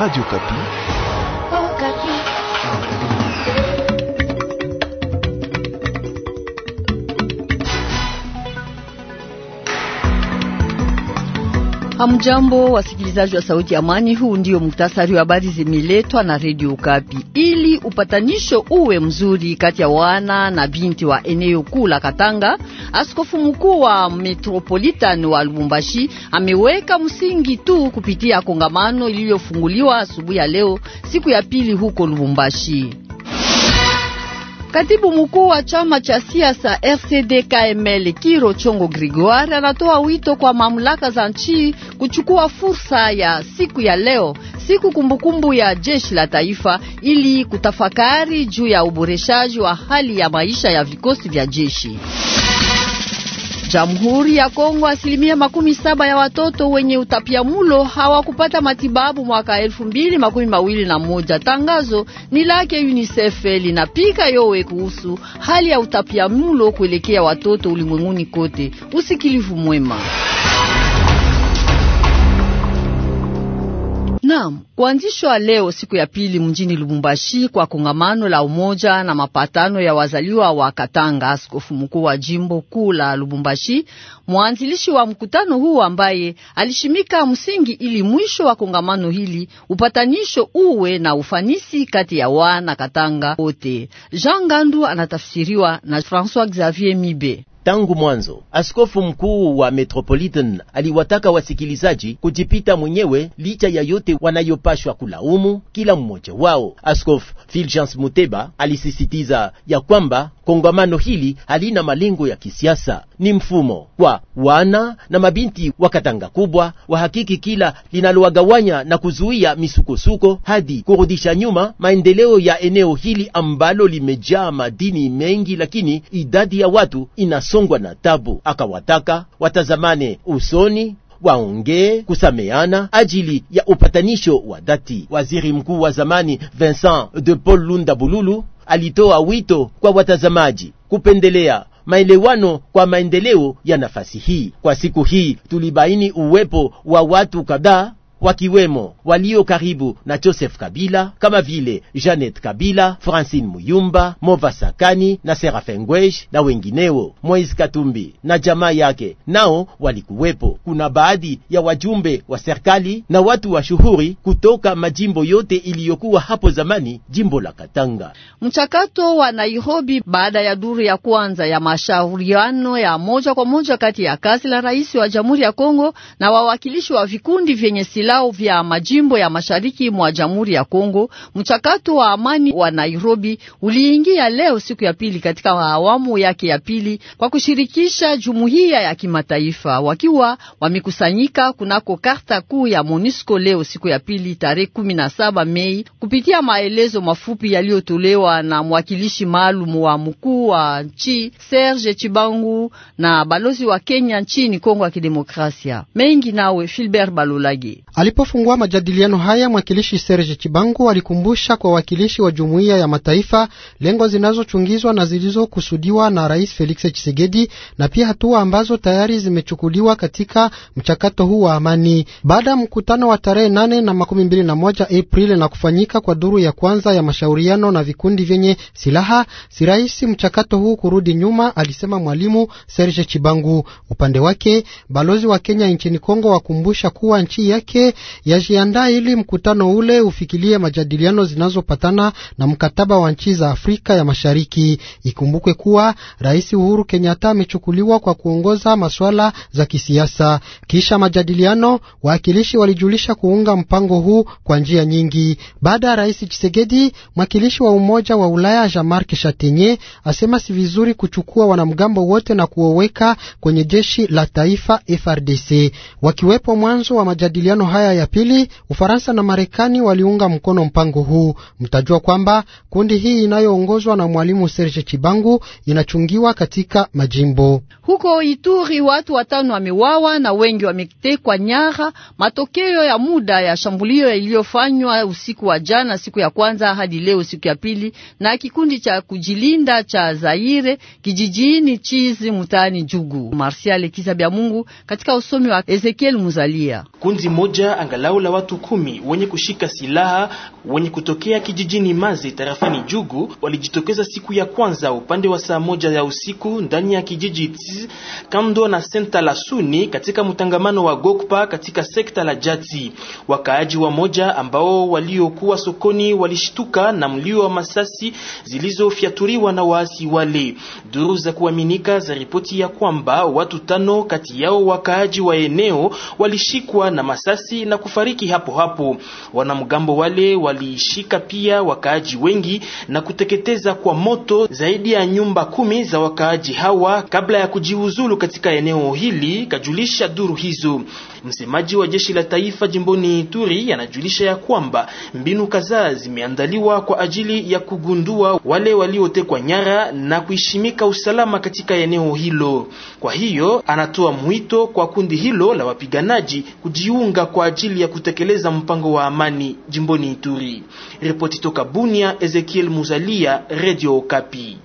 Radio Kapi. Hamjambo, wasikilizaji wa sauti ya amani. Huu ndio muktasari wa habari zimeletwa na redio ukapi Ili upatanisho uwe mzuri kati ya wana na binti wa eneo kuu la Katanga, askofu mkuu wa metropolitan wa Lubumbashi ameweka msingi tu kupitia kongamano iliyofunguliwa asubuhi ya leo, siku ya pili huko Lubumbashi. Katibu mkuu wa chama cha siasa RCD KML Kiro Chongo Grigoire anatoa wito kwa mamlaka za nchi kuchukua fursa ya siku ya leo, siku kumbukumbu ya jeshi la taifa, ili kutafakari juu ya uboreshaji wa hali ya maisha ya vikosi vya jeshi. Jamhuri ya Kongo, asilimia makumi saba ya watoto wenye utapiamlo hawakupata matibabu mwaka elfu mbili makumi mawili na moja. Tangazo ni lake UNICEF linapika yowe kuhusu hali ya utapiamlo kuelekea watoto ulimwenguni kote. Usikilivu mwema. Naam, kuanzishwa leo siku ya pili mjini Lubumbashi kwa kongamano la umoja na mapatano ya wazaliwa wa Katanga, askofu mkuu wa jimbo kuu la Lubumbashi, mwanzilishi wa mkutano huu ambaye alishimika msingi ili mwisho wa kongamano hili upatanisho uwe na ufanisi kati ya wana Katanga wote. Jean Gandu anatafsiriwa na François Xavier Mibe. Tangu mwanzo askofu mkuu wa Metropolitan aliwataka wasikilizaji kujipita mwenyewe licha ya yote wanayopashwa kulaumu kila mmoja wao. Askofu Fulgence Muteba alisisitiza ya kwamba kongamano hili halina malengo ya kisiasa, ni mfumo kwa wana na mabinti wa Katanga kubwa wahakiki kila linalowagawanya na kuzuia misukosuko hadi kurudisha nyuma maendeleo ya eneo hili ambalo limejaa madini mengi, lakini idadi ya watu inasongwa na tabu. Akawataka watazamane usoni waongee kusameana ajili ya upatanisho wa dhati. Waziri mkuu wa zamani Vincent de Paul Lunda Bululu alitoa wito kwa watazamaji kupendelea maelewano kwa maendeleo ya nafasi hii. Kwa siku hii tulibaini uwepo wa watu kadhaa wakiwemo walio karibu na Joseph Kabila kama vile Janet Kabila, Francine Muyumba, Mova Sakani na Serafin Ngwej na wengineo, Moise Katumbi na jamaa yake nao walikuwepo. Kuna baadhi ya wajumbe wa serikali na watu wa shuhuri kutoka majimbo yote iliyokuwa hapo zamani jimbo la Katanga. Mchakato wa Nairobi baada ya duru ya kwanza ya mashauriano ya moja kwa moja kati ya kazi la rais wa Jamhuri ya Kongo na wawakilishi wa vikundi vyenye silaha vyao vya majimbo ya mashariki mwa Jamhuri ya Kongo, mchakato wa amani wa Nairobi uliingia leo siku ya pili katika awamu yake ya pili kwa kushirikisha jumuiya ya kimataifa, wakiwa wamekusanyika kunako karta kuu ya MONUSCO leo siku ya pili tarehe 17 Mei, kupitia maelezo mafupi yaliyotolewa na mwakilishi maalum wa mkuu wa nchi Serge Chibangu na balozi wa Kenya nchini Kongo ya Kidemokrasia. Mengi nawe Philbert Balolage. Alipofungua majadiliano haya, mwakilishi Serge Chibangu alikumbusha kwa wakilishi wa jumuiya ya mataifa lengo zinazochungizwa na zilizokusudiwa na Rais Felix Tshisekedi na pia hatua ambazo tayari zimechukuliwa katika mchakato huu wa amani. Baada ya mkutano wa tarehe nane na makumi mbili na moja Aprili na kufanyika kwa duru ya kwanza ya mashauriano na vikundi vyenye silaha, si rahisi mchakato huu kurudi nyuma, alisema mwalimu Serge Chibangu. Upande wake, balozi wa Kenya nchini Kongo wakumbusha kuwa nchi yake yajiandaa ili mkutano ule ufikilie majadiliano zinazopatana na mkataba wa nchi za Afrika ya Mashariki. Ikumbukwe kuwa Rais Uhuru Kenyatta amechukuliwa kwa kuongoza masuala za kisiasa. Kisha majadiliano, waakilishi walijulisha kuunga mpango huu kwa njia nyingi. Baada ya Rais Chisegedi, mwakilishi wa Umoja wa Ulaya Jean-Marc Chatenye asema si vizuri kuchukua wanamgambo wote na kuwaweka kwenye jeshi la taifa FRDC, wakiwepo mwanzo wa majadiliano haya ya pili, Ufaransa na Marekani waliunga mkono mpango huu. Mtajua kwamba kundi hii inayoongozwa na mwalimu Serge Chibangu inachungiwa katika majimbo. Huko Ituri watu watano wamewawa na wengi wametekwa nyara, matokeo ya muda ya shambulio iliyofanywa usiku wa jana, siku ya kwanza hadi leo, siku ya pili, na kikundi cha kujilinda cha Zaire kijijini Chizi mtaani Jugu. Marsial Kizabya Mungu katika usomi wa Ezekiel Muzalia. Kundi moja moja angalau la watu kumi wenye kushika silaha wenye kutokea kijijini Maze tarafani Jugu walijitokeza siku ya kwanza upande wa saa moja ya usiku ndani ya kijiji Tz, kando na senta la Suni katika mtangamano wa Gokpa katika sekta la Jati. Wakaaji wa moja ambao waliokuwa sokoni walishtuka na mlio wa masasi zilizofyaturiwa na waasi wale. Duru za kuaminika za ripoti ya kwamba watu tano kati yao wakaaji wa eneo walishikwa na masasi risasi na kufariki hapo hapo. Wanamgambo wale waliishika pia wakaaji wengi na kuteketeza kwa moto zaidi ya nyumba kumi za wakaaji hawa kabla ya kujiuzulu katika eneo hili, kajulisha duru hizo. Msemaji wa jeshi la taifa jimboni Ituri anajulisha ya kwamba mbinu kadhaa zimeandaliwa kwa ajili ya kugundua wale waliotekwa nyara na kuishimika usalama katika eneo hilo. Kwa hiyo anatoa mwito kwa kundi hilo la wapiganaji kujiunga kwa ajili ya kutekeleza mpango wa amani jimboni Ituri. Ripoti toka Bunia, Ezekiel Muzalia, Radio Okapi.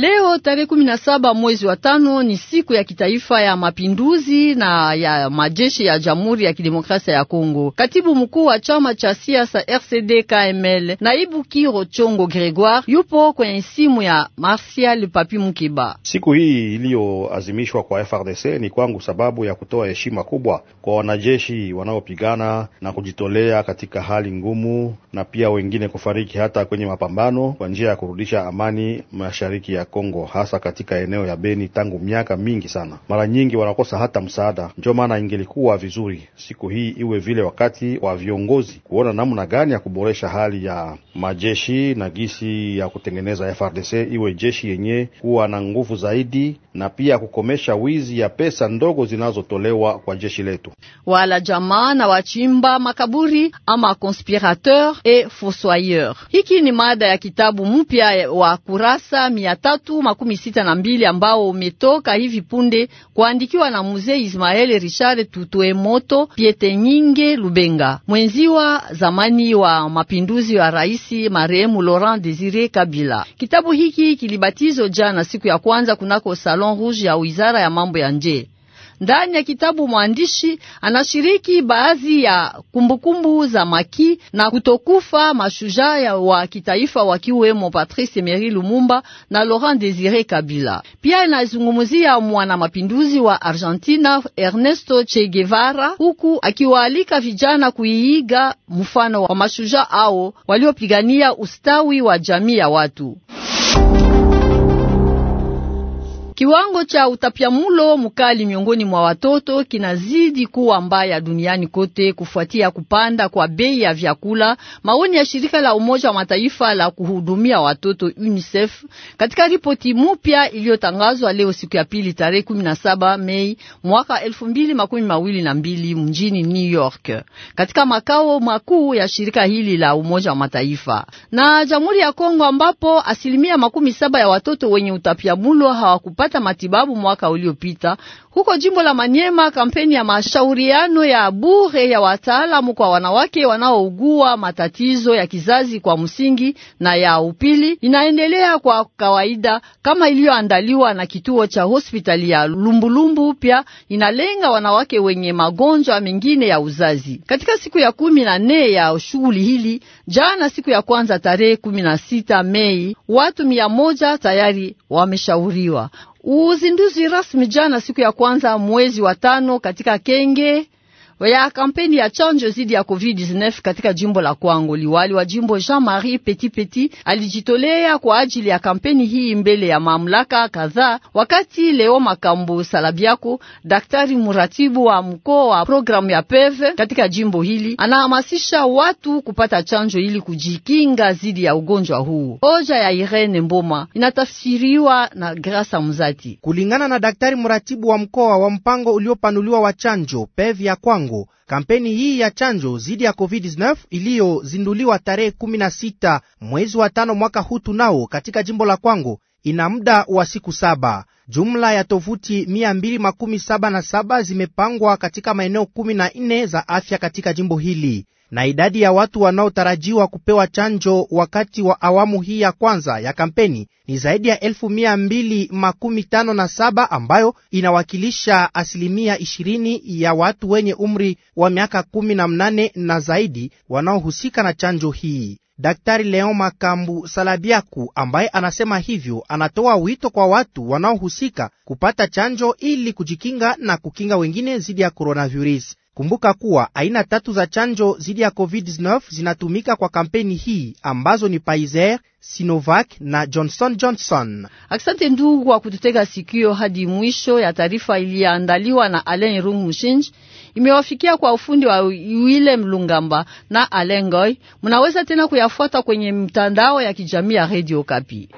Leo tarehe kumi na saba mwezi wa tano ni siku ya kitaifa ya mapinduzi na ya majeshi ya Jamhuri ya Kidemokrasia ya Kongo. Katibu mkuu wa chama cha siasa RCD KML, naibu Kiro Chongo Gregoire, yupo kwenye simu ya Martial Papi Mkiba. Siku hii iliyoazimishwa kwa FRDC ni kwangu sababu ya kutoa heshima kubwa kwa wanajeshi wanaopigana na kujitolea katika hali ngumu, na pia wengine kufariki hata kwenye mapambano kwa njia ya kurudisha amani mashariki ya Kongo, hasa katika eneo ya Beni tangu miaka mingi sana. Mara nyingi wanakosa hata msaada, ndio maana ingelikuwa vizuri siku hii iwe vile wakati wa viongozi kuona namna gani ya kuboresha hali ya majeshi na gisi ya kutengeneza FRDC iwe jeshi yenye kuwa na nguvu zaidi, na pia kukomesha wizi ya pesa ndogo zinazotolewa kwa jeshi letu. Wala jamaa na wachimba makaburi ama conspirateur et fossoyeur. Hiki ni mada ya kitabu mpya wa kurasa mia tatu tatu makumi sita na mbili ambao umetoka hivi punde kuandikiwa na muzee ismaele Richard moto Piete Nyinge Lubenga, mwenziwa zamani wa mapinduzi ya rais marehemu Laurent Desire Kabila. Kitabu hiki kilibatizo jana siku ya kwanza kunako Salon Rouge ya Wizara ya Mambo ya Nje. Ndani ya kitabu mwandishi anashiriki baadhi ya kumbukumbu za maki na kutokufa mashujaa wa kitaifa wakiwemo Patrice Emery Lumumba na Laurent Desire Kabila. Pia inazungumzia mwana mapinduzi wa Argentina Ernesto Che Guevara, huku akiwaalika vijana kuiiga mfano wa mashujaa hao waliopigania ustawi wa jamii ya watu. Kiwango cha utapiamlo mkali miongoni mwa watoto kinazidi kuwa mbaya duniani kote kufuatia kupanda kwa bei ya vyakula. Maoni ya shirika la Umoja wa Mataifa la kuhudumia watoto UNICEF katika ripoti mpya iliyotangazwa leo siku ya pili tarehe 17 Mei mwaka 2022 mjini New York katika makao makuu ya shirika hili la Umoja wa Mataifa na Jamhuri ya Kongo ambapo asilimia makumi saba ya watoto wenye utapiamlo hawakupata kupata matibabu mwaka uliopita. Huko jimbo la Manyema, kampeni ya mashauriano ya bure ya wataalamu kwa wanawake wanaougua matatizo ya kizazi kwa msingi na ya upili inaendelea kwa kawaida kama iliyoandaliwa na kituo cha hospitali ya Lumbulumbu. Pia inalenga wanawake wenye magonjwa mengine ya uzazi. Katika siku ya kumi na nne ya shughuli hili, jana siku ya kwanza tarehe kumi na sita Mei, watu mia moja tayari wameshauriwa. Uzinduzi rasmi jana siku ya kwanza mwezi wa tano katika Kenge ya kampeni ya chanjo dhidi ya COVID-19 katika jimbo la Kwango. Liwali wa jimbo Jean-Marie Petit Petit alijitolea kwa ajili ya kampeni hii mbele ya mamlaka kadhaa, wakati leo Makambo Salabiako, daktari muratibu wa mkoa wa programu ya PEV katika jimbo hili, anahamasisha watu kupata chanjo ili kujikinga dhidi ya ugonjwa huu. Hoja ya Irene Mboma inatafsiriwa na Grasa Mzati. Kulingana na daktari muratibu wa mkoa wa mpango uliopanuliwa wa chanjo PEV ya Kwango Kongo. Kampeni hii ya chanjo dhidi ya COVID-19 iliyozinduliwa tarehe 16 mwezi wa tano mwaka huu nao katika jimbo la Kwango ina muda wa siku saba. Jumla ya tovuti 277 zimepangwa katika maeneo 14 za afya katika jimbo hili na idadi ya watu wanaotarajiwa kupewa chanjo wakati wa awamu hii ya kwanza ya kampeni ni zaidi ya elfu mia mbili makumi tano na saba ambayo inawakilisha asilimia ishirini ya watu wenye umri wa miaka kumi na mnane na zaidi wanaohusika na chanjo hii. Daktari Leon Makambu Salabiaku ambaye anasema hivyo anatoa wito kwa watu wanaohusika kupata chanjo ili kujikinga na kukinga wengine dhidi ya coronavirus. Kumbuka kuwa aina tatu za chanjo zidi ya COVID-19 zinatumika kwa kampeni hii ambazo ni Pfizer, Sinovac na Johnson Johnson. Asante ndugu kwa kututega sikio hadi mwisho ya taarifa iliyoandaliwa na Alain Rung Mushinji. Imewafikia kwa ufundi wa Wile Mlungamba na Alengoy. Mnaweza tena kuyafuata kwenye mtandao ya kijamii ya Radio Kapi.